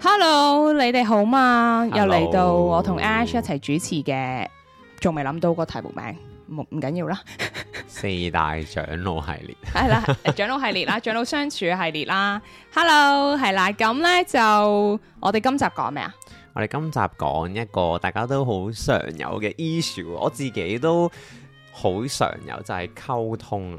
Hello，你哋好嘛？Hello, 又嚟到我同 Ash 一齊主持嘅，仲未諗到個題目名，唔唔緊要啦。 四大長老系列係啦，長 老系列啦，長老相處系列啦。Hello，係啦，咁呢，就我哋今集講咩啊？我哋今集講一個大家都好常有嘅 issue，我自己都好常有，就係、是、溝通。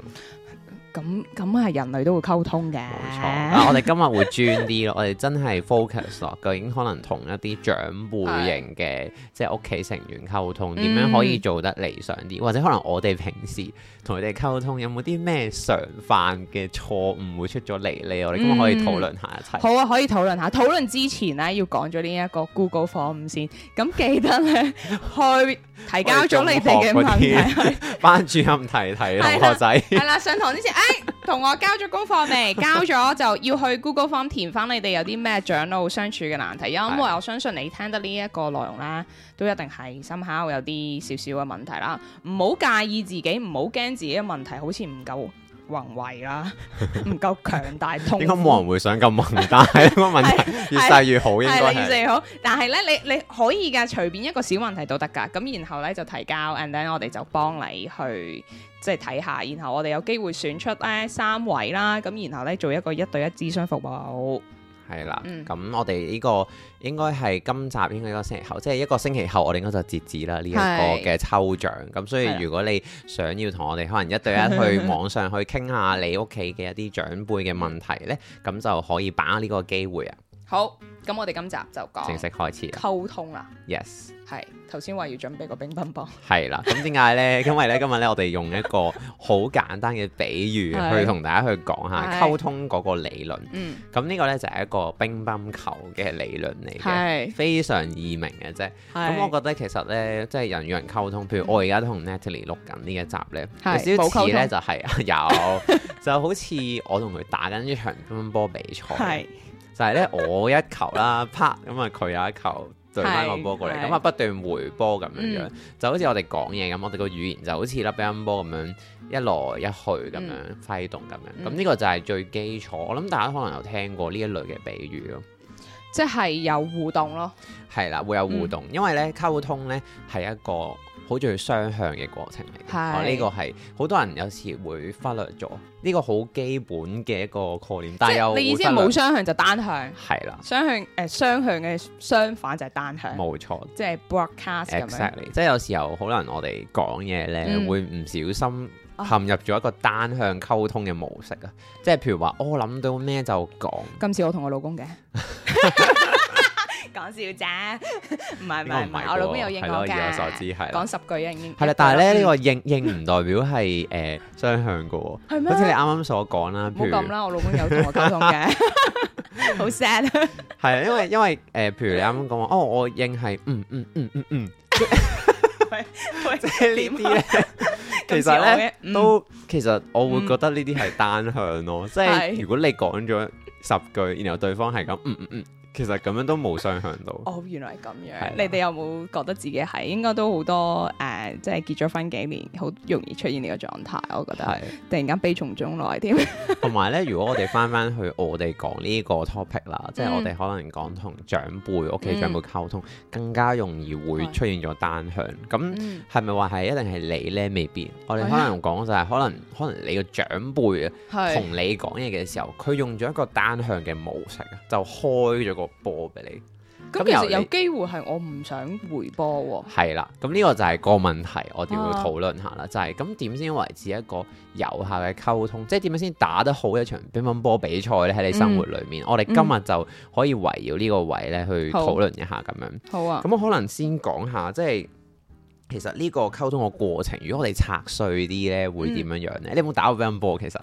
咁咁係人類都會溝通嘅，冇錯。嗱、啊，我哋今日會專啲咯， 我哋真係 focus 咯，究竟可能同一啲長輩型嘅， 即係屋企成員溝通，點樣可以做得理想啲，嗯、或者可能我哋平時同佢哋溝通，有冇啲咩常犯嘅錯誤會出咗嚟呢？我哋今日可以討論下一齊、嗯。好啊，可以討論下。討論之前呢，要講咗呢一個 Google 錯誤先。咁記得咧，去提交咗你哋嘅問題去。班主任提提同學仔。係啦 上堂之前。 哎、同我交咗功課未？交咗就要去 Google Form 填翻你哋有啲咩長老相處嘅難題，因為我相信你聽得呢一個內容啦，都一定係心口有啲少少嘅問題啦。唔好介意自己，唔好驚自己嘅問題好似唔夠。宏偉啦，唔夠強大， 點解冇人會想咁宏大。呢個 問題越細越好， 應該 越細越好。但係咧，你你可以噶隨便一個小問題都得㗎。咁然後咧就提交，and then 我哋就幫你去即係睇下。然後我哋有機會選出咧三位啦。咁然後咧做一個一對一諮詢服務。係啦，咁、嗯、我哋呢個應該係今集應該一個星期後，即係一個星期後我哋應該就截止啦呢一個嘅抽獎。咁所以如果你想要同我哋可能一對一去網上去傾下你屋企嘅一啲長輩嘅問題呢，咁就可以把握呢個機會啊！好，咁我哋今集就講正式開始溝通啦。Yes，係頭先話要準備個乒乓波，係啦。咁點解咧？因為咧，今日咧我哋用一個好簡單嘅比喻去同大家去講下溝通嗰個理論。嗯，咁呢個咧就係一個乒乓球嘅理論嚟嘅，非常易明嘅啫。咁我覺得其實咧，即係人與人溝通，譬如我而家都同 Natalie 錄緊呢一集咧，有少少似咧就係有，就好似我同佢打緊一場乒乓波比賽。但係咧， 我一球啦，啪，咁啊，佢有一球，對翻個波過嚟，咁啊不斷回波咁樣樣，嗯、就好似我哋講嘢咁，我哋個語言就好似甩乒乓波咁樣一來一去咁樣揮動咁樣，咁呢、嗯、個就係最基礎。我諗大家可能有聽過呢一類嘅比喻咯。即係有互動咯，係啦，會有互動，因為咧溝通咧係一個好重要雙向嘅過程嚟。係，呢個係好多人有時會忽略咗呢個好基本嘅一個概念。但係你意思係冇雙向就單向？係啦，雙向誒雙向嘅相反就係單向。冇錯，即係 broadcast exactly。即係有時候可能我哋講嘢咧會唔小心陷入咗一個單向溝通嘅模式啊！即係譬如話，我諗到咩就講。今次我同我老公嘅。講笑啫，唔係唔係唔係，我老公有應我嘅。以我所知係講十句應應係啦，但係咧呢個應應唔代表係誒雙向嘅，係咩？好似你啱啱所講啦，唔好咁啦，我老公有同我溝通嘅，好 sad。係啊，因為因為誒，譬如你啱啱講話哦，我應係嗯嗯嗯嗯嗯，即係呢啲咧，其實咧都其實我會覺得呢啲係單向咯，即係如果你講咗。十句，然後對方係咁，嗯嗯嗯。嗯其實咁樣都冇雙向到。哦，原來係咁樣。的你哋有冇覺得自己係應該都好多誒、呃，即係結咗婚幾年，好容易出現呢個狀態。我覺得係的突然間悲從中來添。同埋咧， 如果我哋翻翻去我哋講呢個 topic 啦、嗯，即係我哋可能講同長輩屋企長輩溝通，嗯、更加容易會出現咗單向。咁係咪話係一定係你呢？未必。嗯、我哋可能講就係可能的可能你個長輩啊，同你講嘢嘅時候，佢用咗一個單向嘅模式，就開咗個波俾你，咁其實有機會係我唔想回波，係啦，咁 呢個就係個問題，我哋要討論下啦，啊、就係咁點先維持一個有效嘅溝通，即係點樣先打得好一場乒乓波比賽咧？喺你生活裏面，嗯、我哋今日就可以圍繞呢個位咧去討論一下咁樣。好。好啊，咁我可能先講下，即、就、係、是、其實呢個溝通嘅過程，如果我哋拆碎啲咧，會點樣樣咧？嗯、你有冇打過乒乓波？其實。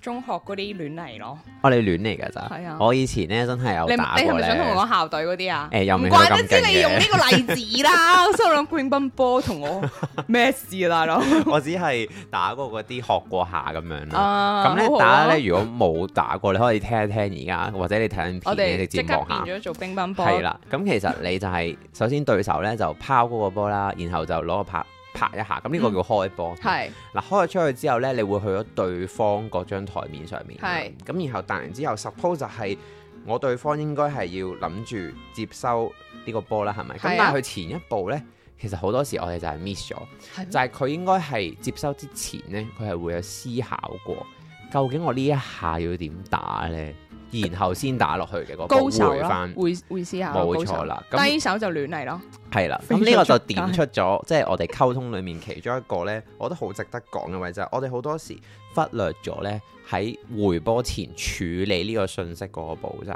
中學嗰啲亂嚟咯，我哋亂嚟噶咋？我以前咧真係有打過。你係咪想同我講校隊嗰啲啊？誒，又唔怪得，知你用呢個例子啦，收兩乒乓波同我咩事啦？我只係打過嗰啲學過下咁樣咯。咁咧打咧，如果冇打過，你可以聽一聽而家，或者你睇緊片嘅節目吓。我哋即刻變咗做乒乓波。係啦，咁其實你就係首先對手咧就拋嗰個波啦，然後就攞個拍。拍一下，咁呢個叫開波。係嗱、嗯，開咗出去之後呢，你會去咗對方嗰張台面上面。係咁是，然後打完之後，suppose 就係我對方應該係要諗住接收呢個波啦，係咪？咁、啊、但係佢前一步呢，其實好多時我哋就係 miss 咗，嗎就係佢應該係接收之前呢，佢係會有思考過，究竟我呢一下要點打呢？然後先打落去嘅嗰個回翻，回回試下，冇錯啦。咁低手就亂嚟咯，係啦了。咁呢個就點出咗，即係對我哋溝通裡面其中一個咧， 我覺得好值得講嘅位就係，我哋好多時忽略咗咧，喺回波前處理呢個信息嗰個步驟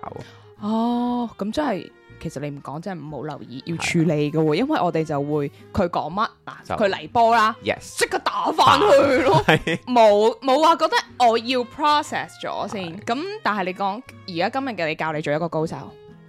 哦，咁真係。其實你唔講真係冇留意要處理㗎喎，的因為我哋就會佢講乜，嗱佢嚟波啦，即 Yes. 刻打返去咯，冇冇話覺得我要 process 咗先，咁 但係你講而家今日嘅你教你做一個高手。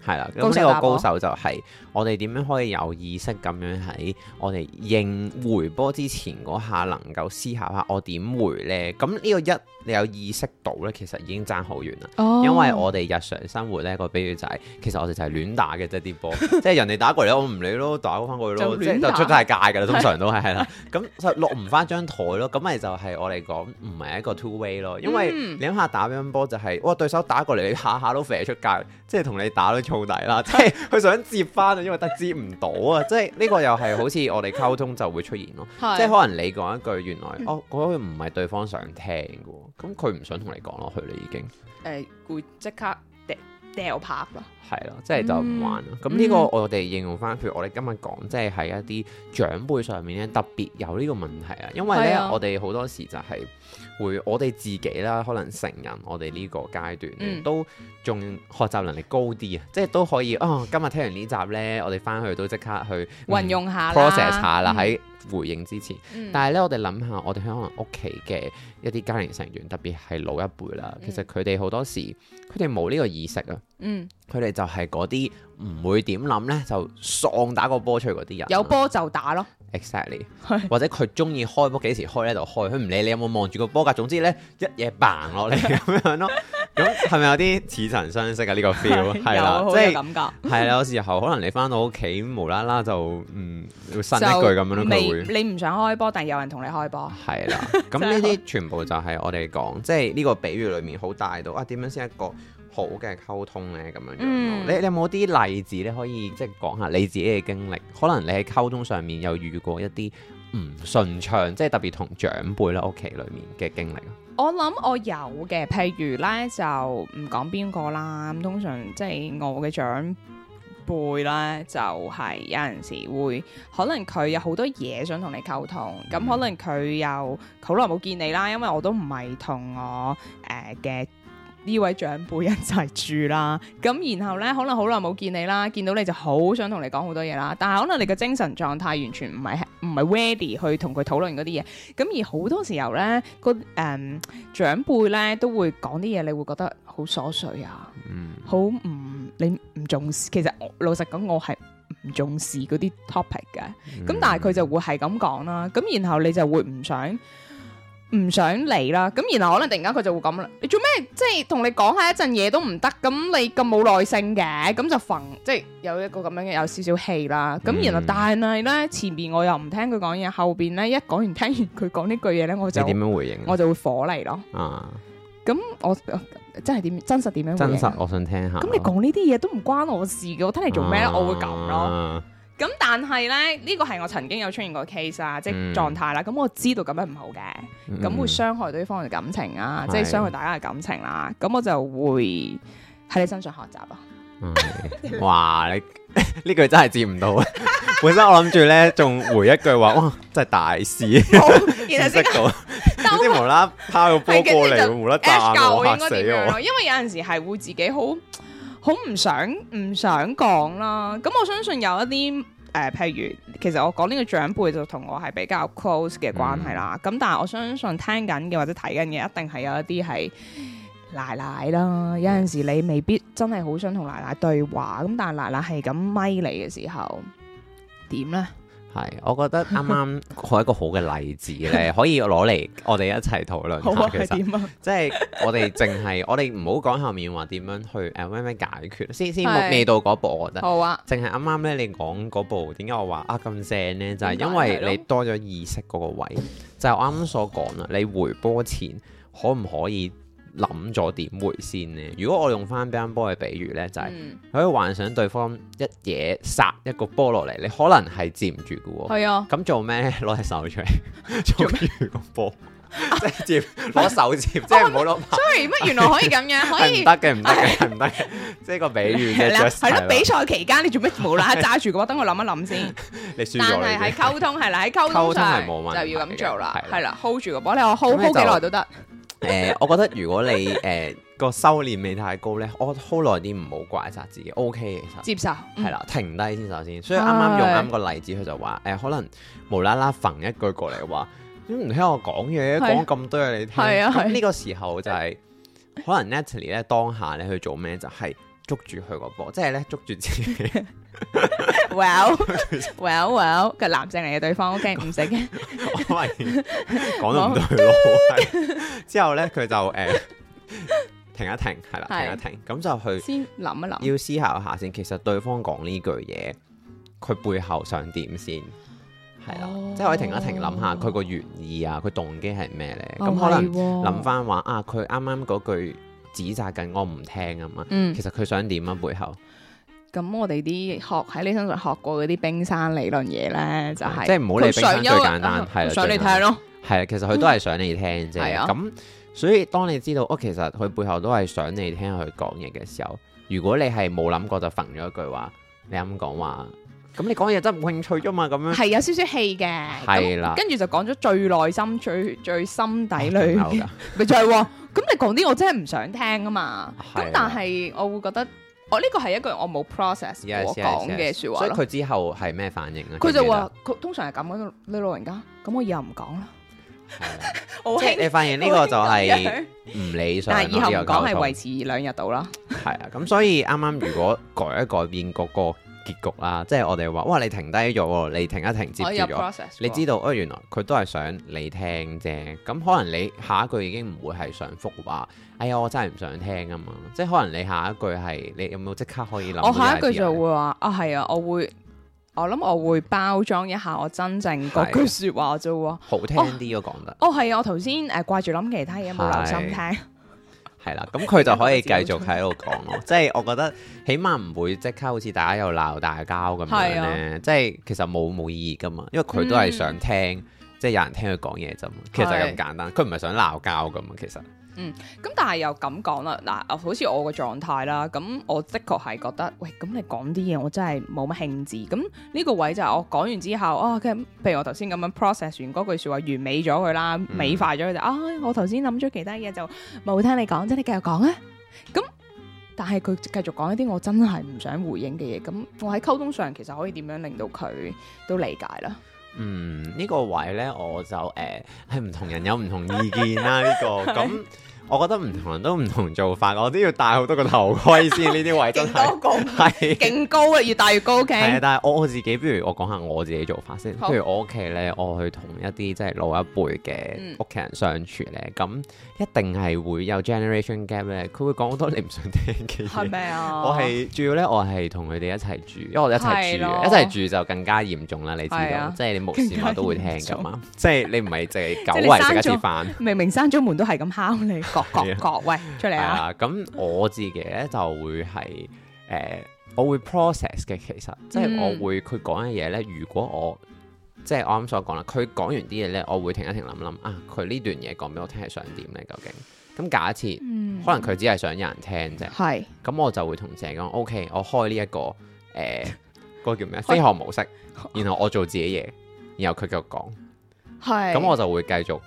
係啦，咁呢個高手就係我哋點樣可以有意識咁樣喺我哋應回波之前嗰下能夠思考下我點回呢？咁呢個一你有意識到呢，其實已經爭好遠啦。哦、因為我哋日常生活呢個比喻就係、是，其實我哋就係亂打嘅啫啲波， 即係人哋打過嚟咧，我唔理咯，打翻過去咯， 即係是就出晒界噶啦。通常都係啦，咁落唔翻張台咯。咁咪就係我哋講唔係一個 two way 咯，因為你諗下打乒乓波就係、是、哇對手打過嚟，你下下都飛出界，即係同你打到。好大啦， 即係佢想接翻啊，因為得接唔到啊， 即係呢個又係好似我哋溝通就會出現咯， 即係可能你講一句，原來 哦嗰個唔係對方想聽嘅，咁佢唔想同你講落去啦，已經誒會即刻。掉係咯，即係就唔玩咯。咁呢個我哋應用翻，譬如我哋今日講，即係喺一啲長輩上面咧，特別有呢個問題啊。因為咧，我哋好多時就係會我哋自己啦，可能成人我哋呢個階段都仲學習能力高啲啊，即係都可以啊。今日聽完呢集呢，我哋翻去都即刻去運用下 process 下啦，喺。回應之前，但係咧，我哋諗下，我哋可能屋企嘅一啲家庭成員，特別係老一輩啦，其實佢哋好多時，佢哋冇呢個意識啊，嗯，佢哋就係嗰啲唔會點諗呢，就喪打個波出去。嗰啲人，有波就打咯，exactly， 或者佢中意開波，幾時開呢？就開，佢唔理你有冇望住個波噶，總之呢，一嘢嘭落嚟咁樣咯。咁係咪有啲似曾相識啊？呢、呢個 feel 係啦，有即係感覺係啦。有了 時候可能你翻到屋企，無啦啦就嗯，會呻一句咁就樣咯。你唔想開波，但係有人同你開波。係啦，咁呢啲全部就係我哋講，即係呢個比喻裏面好大度。啊，點樣先係一個好嘅溝通咧？咁樣樣、嗯，你你有冇啲例子咧？可以即係講下你自己嘅經歷，可能你喺溝通上面又遇過一啲唔順暢，即係特別同長輩咧屋企裏面嘅經歷。我諗我有嘅，譬如咧就唔講邊個啦，通常即係、就是、我嘅長輩咧，就係、是、有陣時會可能佢有好多嘢想同你溝通，咁、嗯、可能佢又好耐冇見你啦，因為我都唔係同我誒嘅呢位長輩一齊住啦，咁然後咧可能好耐冇見你啦，見到你就好想同你講好多嘢啦，但係可能你嘅精神狀態完全唔係。唔係 ready 去同佢討論嗰啲嘢，咁而好多時候咧，個誒、呃、長輩咧都會講啲嘢，你會覺得好瑣碎啊，好唔、嗯、你唔重視。其實我老實講，我係唔重視嗰啲 topic 嘅。咁、嗯、但係佢就會係咁講啦，咁然後你就會唔想。唔想理啦，咁然後可能突然間佢就會咁啦， 你做咩？即係同你講下一陣嘢都唔得，咁你咁冇耐性嘅，咁就憤，即、就、係、是、有一個咁樣嘅有少少氣啦。咁然後但係咧，前面我又唔聽佢講嘢，後邊咧一講完聽完佢講呢句嘢咧，我就點樣回應、啊？我就會火嚟咯。啊，咁我真係點真實點樣？真實、啊，真實我想聽下。咁你講呢啲嘢都唔關我事嘅，我聽你做咩、啊、我會咁咯。啊咁但係咧，呢個係我曾經有出現過 case 啊，即係狀態啦。咁我知道咁樣唔好嘅，咁會傷害對方嘅感情啊，即係傷害大家嘅感情啦。咁我就會喺你身上學習啊。哇！你呢句真係接唔到啊！本身我諗住咧，仲回一句話，哇！真係大師，然後知道啲無啦啦拋個波過嚟，無啦啦嚇死我。因為有陣時係會自己好。好唔想唔想講啦，咁我相信有一啲誒、呃，譬如其實我講呢個長輩就同我係比較 close 嘅關係啦。咁、嗯、但係我相信聽緊嘅或者睇緊嘅一定係有一啲係奶奶啦。有陣時你未必真係好想同奶奶對話，咁但係奶奶係咁咪你嘅時候點呢？係，我覺得啱啱係一個好嘅例子咧， 可以攞嚟我哋一齊討論吧。其實即係我哋淨係， 我哋唔好講後面話點樣去誒咩咩解決，先先是未到嗰步。我覺得好啊，淨係啱啱咧，你講嗰步點解我話啊咁正咧？就係、是、因為你多咗意識嗰個位， 就係我啱啱所講啦。你回波前可唔可以？諗咗點回先呢？如果我用翻乒乓波嘅比喻咧，就係可以幻想對方一嘢殺一個波落嚟，你可能係接唔住嘅喎。啊，咁做咩攞隻手出嚟做個波？即接攞手接，即係唔好攞。Sorry，乜原來可以咁嘅？可以得嘅，唔得，嘅？唔得。即係個比喻嘅，就係咯。比賽期間你做咩好啦揸住個波？等我諗一諗先。你算但係喺溝通係啦，喺溝通上就要咁做啦。係啦，hold 住個波，你我 hold hold 幾耐都得。誒、 呃，我覺得如果你誒、呃、個修煉未太高呢，我好耐啲唔好怪責自己。O、OK, K，其實接受係啦，停低先首先。所以啱啱用啱個例子，佢是就話誒、呃，可能無啦啦揈一句過嚟話，點唔聽我講嘢，講咁是多嘢你聽。係啊呢個時候就係、是、可能 Natalie 咧，當下咧去做咩就係、是。捉住佢個波，即係咧捉住自己。Well，well，well，佢男性嚟嘅對方，OK，唔使驚。唔係，講得唔對囉。之後咧，佢就誒停一停，係啦，停一停，咁就去先諗一諗，要思考下先。其實對方講呢句嘢，佢背後想點先？係啦，即係可以停一停，諗下佢個原意啊，佢動機係咩咧？咁可能諗翻話啊，佢啱啱嗰句。指責緊我唔聽啊嘛，其實佢想點啊背後？咁、嗯、我哋啲學喺你身上學過嗰啲冰山理論嘢咧，就係、是嗯、即係唔好理冰山最簡單，係想你聽咯，係啊，其實佢都係想你聽啫。咁、嗯、所以當你知道哦，其實佢背後都係想你聽佢講嘢嘅時候，如果你係冇諗過就憤咗一句話，你啱講話，咁你講嘢真係唔興趣啫嘛，咁樣係有少少氣嘅，係啦的，跟住就講咗最內心、最最心底裏嘅，咪就咁你講啲我真係唔想聽啊嘛，咁但係我會覺得我呢個係一個我冇 process 我講嘅說話，yes, yes, yes, yes. 所以佢之後係咩反應啊？佢就話佢通常係咁嘅，你老人家咁我以後唔講啦。是 我 ware 即係你發現呢個就係唔 ware 理想，但係以後講係維持兩日到啦。係啊，咁所以啱啱如果改一改變個個。 結局啦，即係我哋話，哇！你停低咗，你停一停，接住咗，啊、你知道，哦、哎，原來佢都係想你聽啫。咁可能你下一句已經唔會係想復話，哎呀，我真係唔想聽啊嘛。即係可能你下一句係，你有冇即刻可以諗？我下一句就會話，啊，係啊，我會，我諗我會包裝一下我真正嗰句說話啫，好聽啲咯，講得。哦，係啊，啊，我頭先誒掛住諗其他嘢，冇留心聽。係啦，咁佢就可以繼續喺度講咯，即係 我覺得，起碼唔會即刻好似大家又鬧大交咁樣咧。即係、啊、其實冇冇意義噶嘛，因為佢都係想聽，即係、嗯、有人聽佢講嘢啫嘛。其實就係咁簡單，佢唔係想鬧交噶嘛，其實。嗯，咁但係又咁講啦，嗱，好似我嘅狀態啦，咁我的確係覺得，喂，咁你講啲嘢我真係冇乜興致。咁呢個位就我講完之後，哦、啊，譬如我頭先咁樣 process 完嗰句説話，完美咗佢啦，美化咗佢就，啊、嗯哎，我頭先諗咗其他嘢就冇聽你講，即你繼續講啊。咁但係佢繼續講一啲我真係唔想回應嘅嘢，咁我喺溝通上其實可以點樣令到佢都理解咧？嗯，呢、呢個位呢，我就誒係唔同人有唔同意見啦、啊，呢、 呢個咁。我覺得唔同人都唔同做法，我都要戴好多個頭盔先。呢啲 位真係係勁高啊，越大越高嘅、okay？但係我我自己，不如我講下我自己做法先。好譬如我屋企咧，我去同一啲即係老一輩嘅屋企人相處咧，咁一定係會有 generation gap 咧。佢會講好多你唔想聽嘅嘢。係咩啊？我係主要咧，我係同佢哋一齊住，因為我哋一齊住，的一齊住就更加嚴重啦。你知道，即係的你無時我都會聽㗎嘛。即係你唔係淨係久圍食一次飯 ，明明閂咗門都係咁敲，敲你。 各位出嚟啊！咁、 嗯、我自己咧就會係誒、呃，我會 process 嘅。其實即係我會佢講嘅嘢咧，如果我即係我啱所講啦，佢講完啲嘢咧，我會停一停諗諗啊！佢呢段嘢講俾我聽係想點咧？究竟咁假設，嗯、可能佢只係想有人聽啫。係咁是、嗯，我就會同自己講：OK，我開呢、這個呃、一個誒，嗰個叫咩飛行模式，然後我做自己嘢，然後佢繼續講。係咁是，我就會繼續。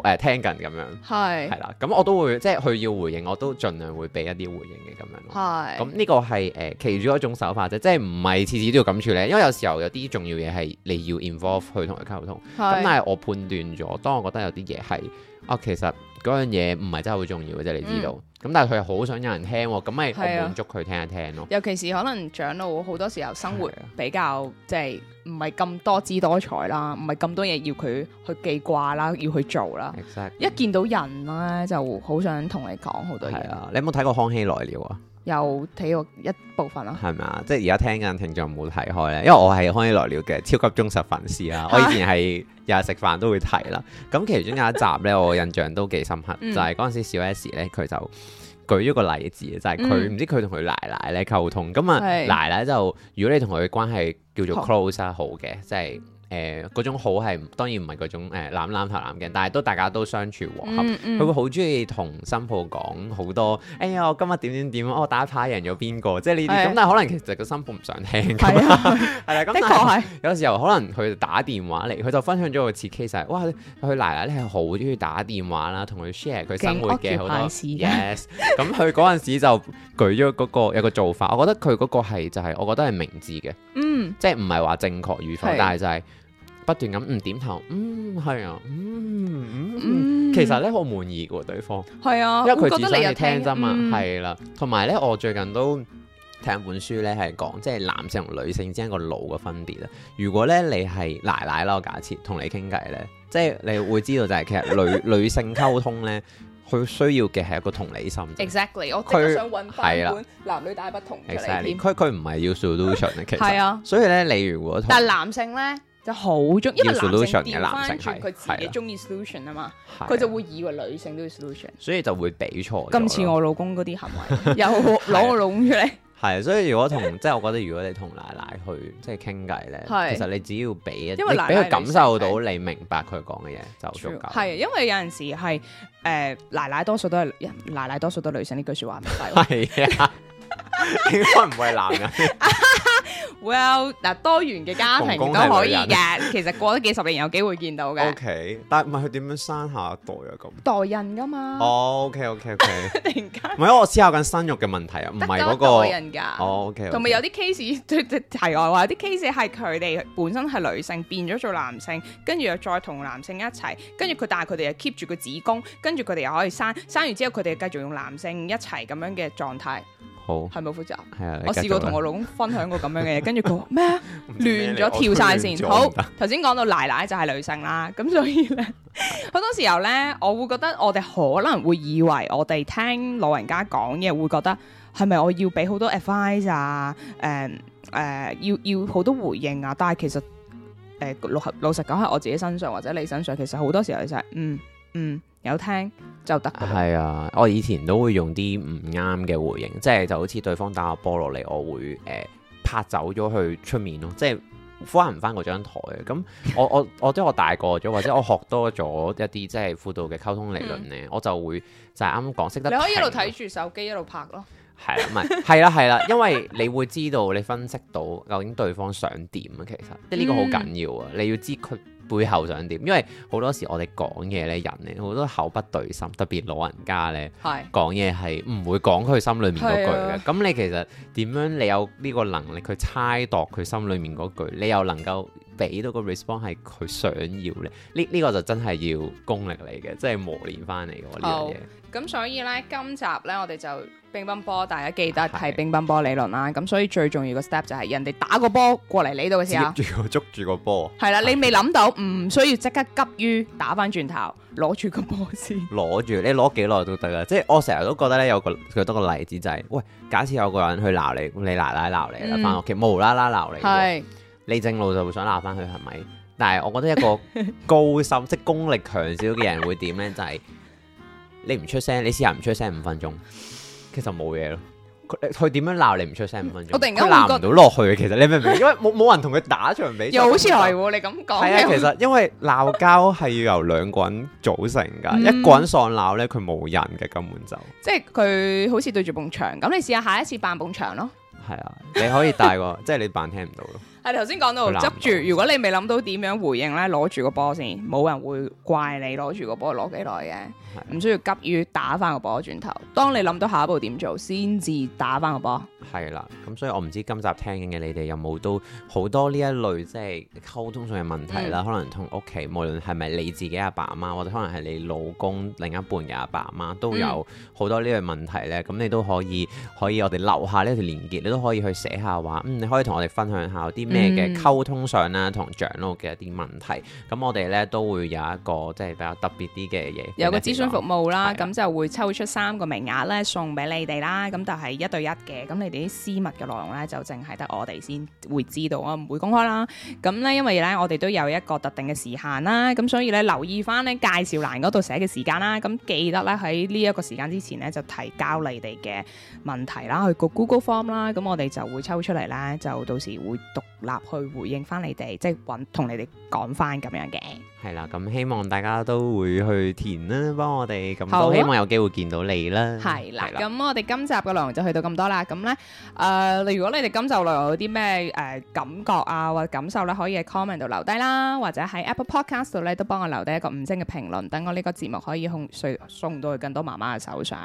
誒，聽緊咁樣係係啦，咁是我都會即係佢要回應，我都盡量會俾一啲回應嘅咁樣。係咁呢個係誒其中一種手法啫，即係唔係次次都要咁處理，因為有時候有啲重要嘢係你要 involve 去同佢溝通。係咁是，但係我判斷咗，當我覺得有啲嘢係。哦，其實嗰樣嘢唔係真係好重要嘅啫，你知道。咁、嗯、但係佢好想有人聽喎，咁咪去滿足佢聽一聽咯。尤其是可能長老好多時候生活比較的即係唔係咁多姿多彩啦，唔係咁多嘢要佢去記掛啦，要去做啦。Exactly. 一見到人咧，就好想同你講好多嘢。你有冇睇過康熙來了啊？有睇過一部分咯，係咪啊？即係而家聽緊聽眾冇睇開咧，因為我係康熙來了嘅超級忠實粉絲啦、啊。我以前係日日食飯都會睇啦。咁 其中有一集咧，我印象都幾深刻，嗯、就係嗰陣時小 S 咧，佢就舉咗個例子，就係佢唔知佢同佢奶奶咧溝通，咁啊奶奶就如果你同佢關係叫做 close 啊好嘅，即係、哦。誒嗰、呃、種好係當然唔係嗰種誒攬攬頭攬頸，但係都大家都相處和洽。佢、嗯、會好中意同新抱講好多，哎呀我今日點點點，我打打贏咗邊個，即係呢啲咁。啊、但係可能其實個新抱唔想聽。係啊，係啦，咁的確係 有時候可能佢打電話嚟，佢就分享咗個 case 係，哇佢奶奶咧係好中意打電話啦，同佢 share 佢生活嘅好多。驚事咁佢嗰陣時就舉咗嗰、那個有一個做法，我覺得佢嗰個係就係、是、我覺得係明智嘅。嗯、即係唔係話正確與否，但係就係、是。不斷咁唔點頭，嗯，係啊，嗯嗯嗯，其實咧好滿意嘅喎，對方係啊，因為佢只想聽啫嘛，係啦。同埋咧，我最近都聽本書咧，係講即係男性同女性之間個腦嘅分別啊。如果咧你係奶奶啦，假設同你傾偈咧，即係你會知道就係其實女女性溝通咧，佢需要嘅係一個同理心。Exactly，我佢想揾答案。男女大不同。Exactly，佢佢唔係要 solution 啊，其實係啊。所以咧，你如果但男性咧。就好中意，因為男性填翻轉佢自己中意 solution 啊嘛，佢就會以為女性都要 solution，所以就會俾錯。今次我老公嗰啲行為又攞我老公出嚟。係啊，所以如果同即係我覺得，如果你同奶奶去即係傾偈咧，其實你只要俾，因為俾佢感受到你明白佢講嘅嘢就足夠。係，因為有陣時係誒奶奶多數都係奶奶多數都係女性，呢句説話唔係。係啊，應該唔係男人？Well 嗱，多元嘅家庭都可以嘅，其實過咗幾十年有機會見到嘅。OK，但唔係佢點樣生下一代啊？咁代孕噶嘛？O K O K O K。突然間，唔係我思考緊生育嘅問題啊，唔係嗰個代孕噶。O K，同埋有啲 case，題外話，有啲 case 係佢哋本身係女性變咗做男性，跟住又再同男性一齊，跟住佢但係佢哋又 keep 住個子宮，跟住佢哋又可以生，生完之後佢哋繼續用男性一齊咁樣嘅狀態。係咪好複雜？我試過同我老公分享過咁樣嘅嘢，跟住佢話咩啊？亂咗跳晒線。好，頭先講到奶奶就係女性啦，咁所以咧，好多時候咧，我會覺得我哋可能會以為我哋聽老人家講嘢，會覺得係咪我要俾好多 advice 啊？誒、呃、誒、呃，要要好多回應啊？但係其實誒，老、呃、老實講喺我自己身上或者你身上，其實好多時候就係嗯嗯有聽。就得係啊！我以前都會用啲唔啱嘅回應，即係就好似對方打個波落嚟，我會誒、呃、拍走咗去出面咯，即係翻唔翻嗰張台咁我 我我即我，我大個咗，或者我學多咗一啲即係輔導嘅溝通理論咧， 我就會就係啱啱講識得，你可以一路睇住手機一路拍咯，係 啊。唔係係啦係啦，因為你會知道你分析到究竟對方想點啊，其實呢、呢個好緊要啊，嗯、你要知佢。背後想點？因為好多時我哋講嘢咧，人咧好多口不對心，特別老人家咧，講嘢係唔會講佢心裏面嗰句嘅。咁你其實點樣？你有呢個能力去猜度佢心裏面嗰句，你又能夠俾到個 response 係佢想要咧？呢呢個就真係要功力嚟嘅，即係磨練翻嚟嘅喎呢樣嘢。咁所以咧，今集咧我哋就乒乓波，大家記得睇乒乓波理論啦。咁所以最重要嘅 step 就係人哋打個波過嚟你度嘅時候，接住捉住個波。係啦，你未諗到。唔需要即刻急於打翻轉頭攞住個波先，攞住你攞幾耐都得啊！即、就、係、是、我成日都覺得咧，有個佢多個例子就係、是，喂，假設有個人去鬧你，你奶奶鬧你啦，翻屋企無啦啦鬧你，李、嗯嗯、正路就會想鬧翻佢係咪？但係我覺得一個高心， 即功力強少嘅人會點咧？就係、是、你唔出聲，你試下唔出聲五分鐘，其實冇嘢咯。佢點樣鬧你唔出聲五分鐘，我突然間佢鬧唔到落去其實你明唔明？ 因為冇冇人同佢打場比賽， 又好似係你咁講係啊，麼其實因為鬧交係要由兩個人組成㗎， 嗯、一個人喪鬧咧佢冇人嘅，根本就即係佢好似對住埲牆咁。你試下下一次扮埲牆咯。係啊，你可以帶個， 即係你扮聽唔到咯。係頭先講到執冷住，如果你未諗到點樣回應咧，攞住個波先，冇人會怪你攞住個波攞幾耐嘅，唔的需要急於打翻個波轉頭。當你諗到下一步點做，先至打翻個波。係啦，咁所以我唔知今集聽緊嘅你哋有冇都好多呢一類即係溝通上嘅問題啦，嗯、可能同屋企，無論係咪你自己阿爸阿媽，或者可能係你老公另一半嘅阿爸阿媽，都有好多呢類問題咧。咁、嗯、你都可以可以我哋留下呢條連結，你都可以去寫下話，嗯，你可以同我哋分享下啲。咩嘅溝通上啦，同長老嘅一啲問題，咁我哋咧都會有一個即係比較特別啲嘅嘢，有個諮詢服，的服務啦，咁就會抽出三個名額咧送俾你哋啦，咁但係一對一嘅，咁你哋啲私密嘅內容咧就淨係得我哋先會知道，我唔會公開啦。咁咧因為咧我哋都有一個特定嘅時限啦，咁所以咧留意翻呢介紹欄嗰度寫嘅時間啦，咁記得咧喺呢一個時間之前咧就提交你哋嘅問題啦，去個 Google Form 啦，咁我哋就會抽出嚟啦，就到時會讀。立去回應翻你哋，即係揾同你哋講翻咁樣嘅係啦。咁希望大家都會去填啦，幫我哋咁都希望有機會見到你啦。係啦，咁我哋今集嘅內容就去到咁多啦。咁咧，誒，如果你哋今集內容有啲咩誒感覺啊或者感受咧，可以喺 comment 度留低啦，或者喺 Apple Podcast 度咧都幫我留低一個五星嘅評論，等我呢個節目可以送送到更多媽媽嘅手上。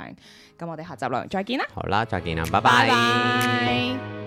咁我哋下集內容再見啦。好啦，再見啦，拜拜。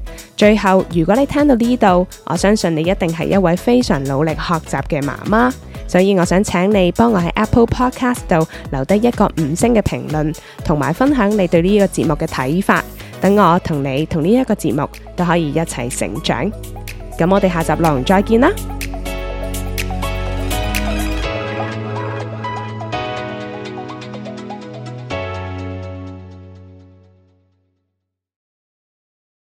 最後，如果你聽到呢度，我相信你一定係一位非常努力學習嘅媽媽，所以我想請你幫我喺 Apple Podcast 度留低一個五星嘅評論，同埋分享你對呢個節目嘅睇法，等我同你同呢一個節目都可以一齊成長。咁我哋下集內容再見啦。